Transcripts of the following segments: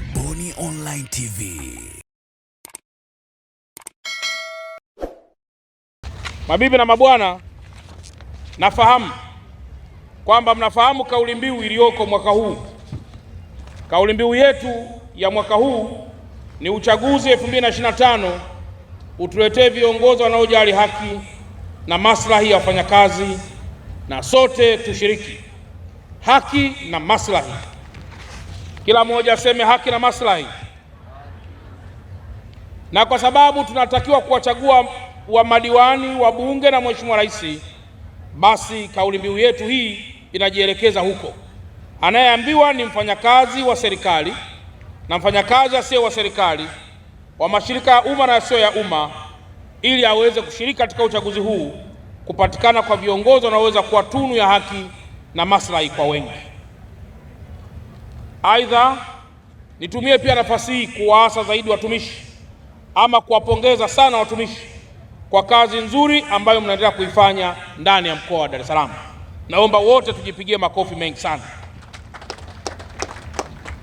Billy Online TV. Mabibi na mabwana, nafahamu kwamba mnafahamu kauli mbiu iliyoko mwaka huu. Kauli mbiu yetu ya mwaka huu ni uchaguzi 2025 utuletee viongozi wanaojali haki na maslahi ya wafanyakazi, na sote tushiriki haki na maslahi kila mmoja aseme haki na maslahi, na kwa sababu tunatakiwa kuwachagua wa madiwani wa bunge na mheshimiwa rais, basi kauli mbiu yetu hii inajielekeza huko. Anayeambiwa ni mfanyakazi wa serikali na mfanyakazi asiye wa serikali wa mashirika ya umma na yasiyo ya umma, ili aweze kushiriki katika uchaguzi huu, kupatikana kwa viongozi wanaoweza kuwa tunu ya haki na maslahi kwa wengi. Aidha, nitumie pia nafasi hii kuwaasa zaidi watumishi ama kuwapongeza sana watumishi kwa kazi nzuri ambayo mnaendelea kuifanya ndani ya mkoa wa Dar es Salaam. Naomba wote tujipigie makofi mengi sana.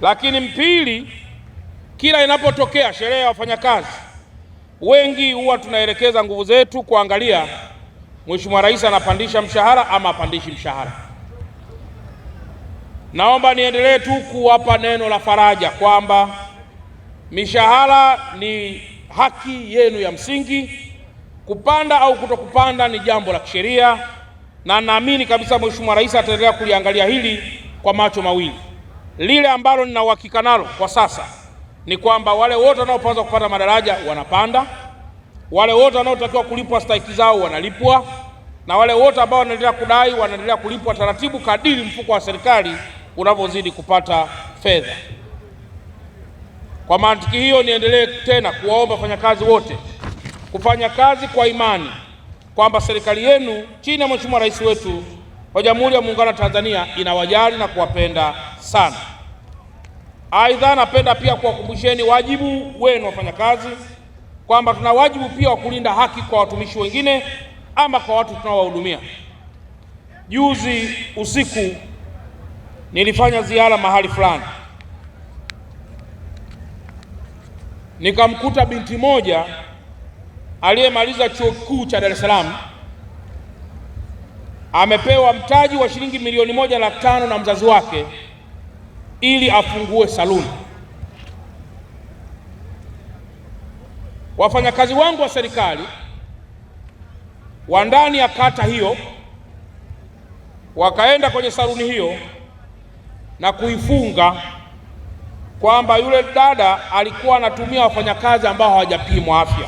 Lakini mpili kila inapotokea sherehe ya wafanyakazi, wengi huwa tunaelekeza nguvu zetu kuangalia Mheshimiwa Rais anapandisha mshahara ama apandishi mshahara. Naomba niendelee tu kuwapa neno la faraja kwamba mishahara ni haki yenu ya msingi. Kupanda au kutokupanda ni jambo la kisheria, na naamini kabisa Mheshimiwa Rais ataendelea kuliangalia hili kwa macho mawili. Lile ambalo nina uhakika nalo kwa sasa ni kwamba wale wote wanaopaswa kupata madaraja wanapanda, wale wote wanaotakiwa kulipwa stahiki zao wanalipwa, na wale wote ambao wanaendelea kudai wanaendelea kulipwa taratibu kadiri mfuko wa serikali unavyozidi kupata fedha. Kwa mantiki hiyo, niendelee tena kuwaomba wafanyakazi wote kufanya kazi kwa imani kwamba serikali yenu chini ya Mheshimiwa Rais wetu wa Jamhuri ya Muungano wa Tanzania inawajali na kuwapenda sana. Aidha, napenda pia kuwakumbusheni wajibu wenu wafanyakazi, kwamba tuna wajibu pia wa kulinda haki kwa watumishi wengine ama kwa watu tunaowahudumia. Juzi usiku Nilifanya ziara mahali fulani, nikamkuta binti moja aliyemaliza chuo kikuu cha Dar es Salaam, amepewa mtaji wa shilingi milioni moja laki tano na mzazi wake ili afungue saluni. Wafanyakazi wangu wa serikali wa ndani ya kata hiyo wakaenda kwenye saluni hiyo na kuifunga kwamba yule dada alikuwa anatumia wafanyakazi ambao hawajapimwa afya,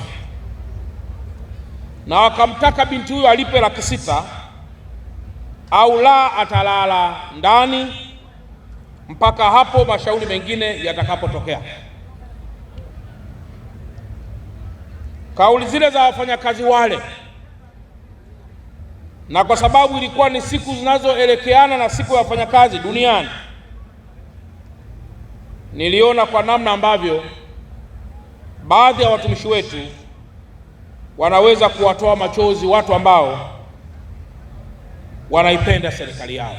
na wakamtaka binti huyo alipe laki sita au la atalala ndani mpaka hapo mashauri mengine yatakapotokea. Kauli zile za wafanyakazi wale, na kwa sababu ilikuwa ni siku zinazoelekeana na siku ya wafanyakazi duniani niliona kwa namna ambavyo baadhi ya watumishi wetu wanaweza kuwatoa machozi watu ambao wanaipenda serikali yao.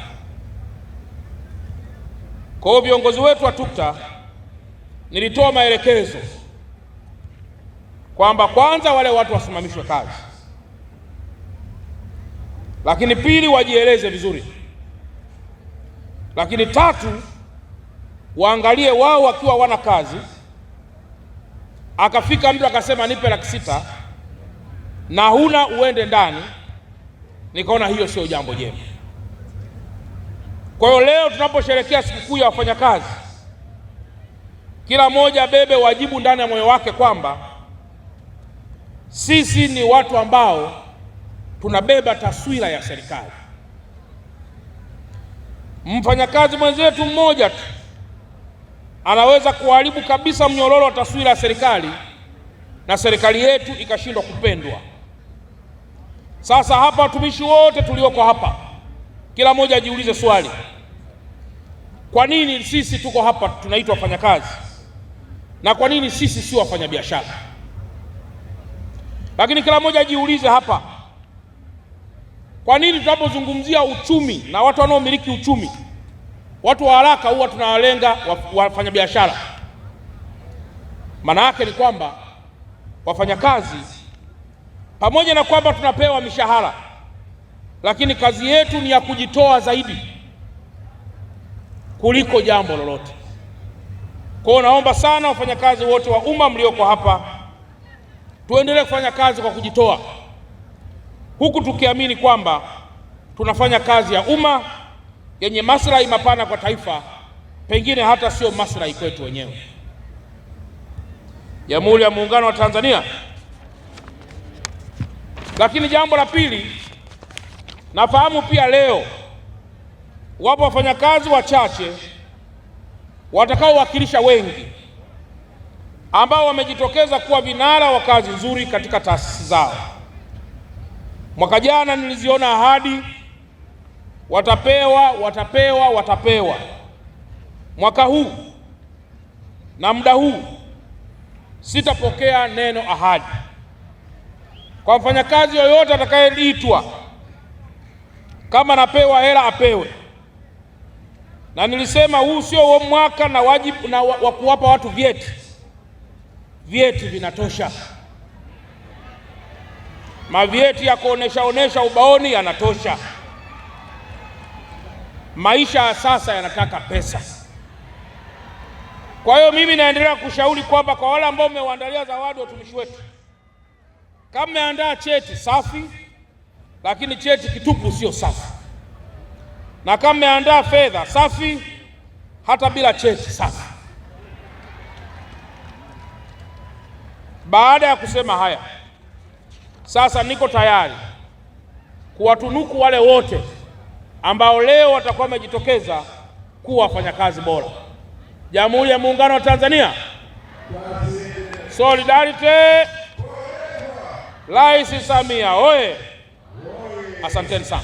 Kwa hiyo viongozi wetu wa TUCTA, nilitoa maelekezo kwamba kwanza wale watu wasimamishwe kazi, lakini pili wajieleze vizuri, lakini tatu waangalie wao wakiwa wana kazi, akafika mtu akasema nipe laki sita na huna uende ndani, nikaona hiyo sio jambo jema. Kwa hiyo leo tunaposherekea sikukuu ya wafanyakazi, kila mmoja abebe wajibu ndani ya moyo wake kwamba sisi ni watu ambao tunabeba taswira ya serikali. Mfanyakazi mwenzetu mmoja tu anaweza kuharibu kabisa mnyororo wa taswira ya serikali na serikali yetu ikashindwa kupendwa. Sasa hapa watumishi wote tulioko hapa, kila mmoja ajiulize swali, kwa nini sisi tuko hapa tunaitwa wafanyakazi na kwa nini sisi sio wafanyabiashara? Lakini kila mmoja ajiulize hapa, kwa nini tunapozungumzia uchumi na watu wanaomiliki uchumi Watu wa haraka huwa tunawalenga wafanyabiashara. Maana yake ni kwamba wafanyakazi, pamoja na kwamba tunapewa mishahara, lakini kazi yetu ni ya kujitoa zaidi kuliko jambo lolote. Kwa hiyo naomba sana wafanyakazi wote wa umma mlioko hapa, tuendelee kufanya kazi kwa kujitoa, huku tukiamini kwamba tunafanya kazi ya umma yenye maslahi mapana kwa taifa, pengine hata sio maslahi kwetu wenyewe. Jamhuri ya Muungano wa Tanzania. Lakini jambo la pili, nafahamu pia leo wapo wafanyakazi wachache watakaowakilisha wengi ambao wamejitokeza kuwa vinara wa kazi nzuri katika taasisi zao. Mwaka jana niliziona ahadi watapewa, watapewa, watapewa. Mwaka huu na muda huu sitapokea neno ahadi kwa mfanyakazi yoyote atakayeitwa. Kama napewa hela apewe, na nilisema huu sio mwaka na wajibu na wa kuwapa watu vyeti. Vyeti vinatosha, mavyeti ya kuonesha onesha ubaoni yanatosha. Maisha ya sasa yanataka pesa. Kwa hiyo mimi naendelea kushauri kwamba kwa wale ambao mmeuandalia zawadi watumishi wetu, kama mmeandaa cheti safi, lakini cheti kitupu sio safi, na kama mmeandaa fedha safi, hata bila cheti safi. Baada ya kusema haya, sasa niko tayari kuwatunuku wale wote ambao leo watakuwa wamejitokeza kuwa wafanyakazi bora. Jamhuri ya Muungano wa Tanzania, Solidarity! Rais Samia oye! Asanteni sana.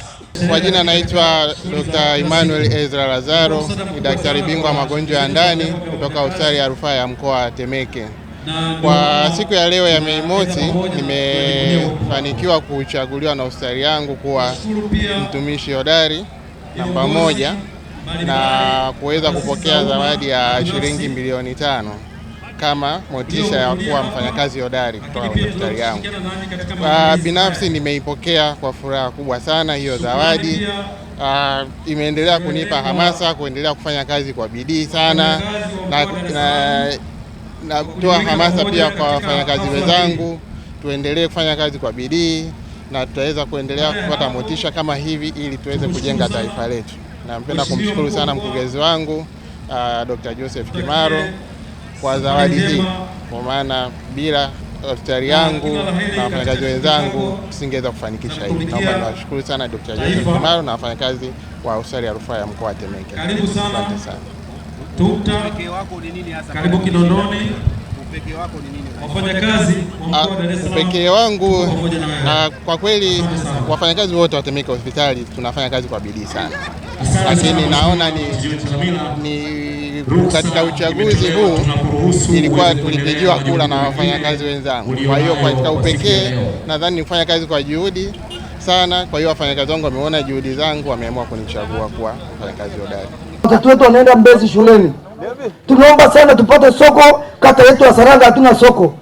Kwa jina naitwa Dr. Emmanuel Ezra Lazaro, ni daktari bingwa magonjwa ya ndani kutoka hospitali ya rufaa ya mkoa wa Temeke. Kwa siku ya leo ya Mei Mosi nimefanikiwa kuchaguliwa na hospitali yangu kuwa mtumishi hodari namba moja na kuweza kupokea zawadi ya shilingi milioni tano kama motisha ya kuwa mfanyakazi hodari kutoka kwenye hospitali yangu. Ah, binafsi nimeipokea kwa furaha kubwa sana hiyo zawadi. Uh, imeendelea kunipa hamasa kuendelea kufanya kazi kwa bidii sana na, na natoa hamasa pia kwa wafanyakazi wenzangu, tuendelee kufanya kazi kwa bidii na tutaweza kuendelea kupata motisha kama hivi ili tuweze kujenga taifa letu. napenda kumshukuru sana mkurugenzi wangu uh, ah, Dr. Joseph Kimaro kwa zawadi hii, kwa maana bila hospitali yangu na wafanyakazi wenzangu tusingeweza kufanikisha hili. Naomba niwashukuru sana Dr. Joseph Kimaro na wafanyakazi wa hospitali ya rufaa ya mkoa wa Temeke. Asante sana. TUCTA karibu Kinondoni. Wafanyakazi upekee wangu na ah, kwa kweli, wafanyakazi wote watemika hospitali tunafanya kazi kwa bidii sana, lakini naona ni, ni katika uchaguzi huu ilikuwa tulipigiwa kura na wafanyakazi wenzangu. Kwa hiyo katika upekee nadhani ni kufanya kazi kwa juhudi sana. Kwa hiyo wafanyakazi wangu wameona juhudi zangu, wameamua kunichagua kuwa mfanyakazi hodari watoto wetu wanaenda Mbezi shuleni. Tunaomba sana tupate soko. Kata yetu ya Saranga hatuna soko,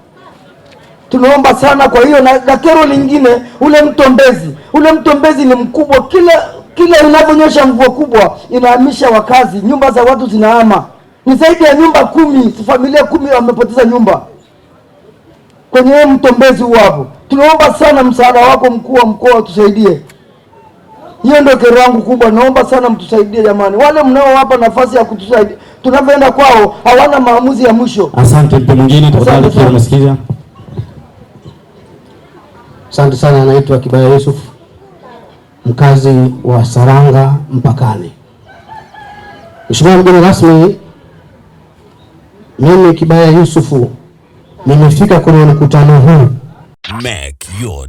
tunaomba sana. Kwa hiyo na, na kero lingine, ule mto Mbezi, ule mto Mbezi ni mkubwa, kila kila inaponyesha mvua kubwa inahamisha wakazi, nyumba za watu zinahama. Ni zaidi ya nyumba kumi, familia kumi wamepoteza nyumba kwenye mto Mbezi huo hapo. Tunaomba sana msaada wako, mkuu wa mkoa, tusaidie. Hiyo ndio kero yangu kubwa, naomba sana mtusaidie jamani, wale mnaowapa nafasi ya kutusaidia, tunavyoenda kwao hawana maamuzi ya mwisho. Asante. Mtu mwingine tafadhali, kwa unasikiza. Asante sana, anaitwa Kibaya Yusuf, mkazi wa Saranga mpakani. Mheshimiwa mgeni rasmi, mimi Kibaya Yusufu nimefika kwenye mkutano huu. Make your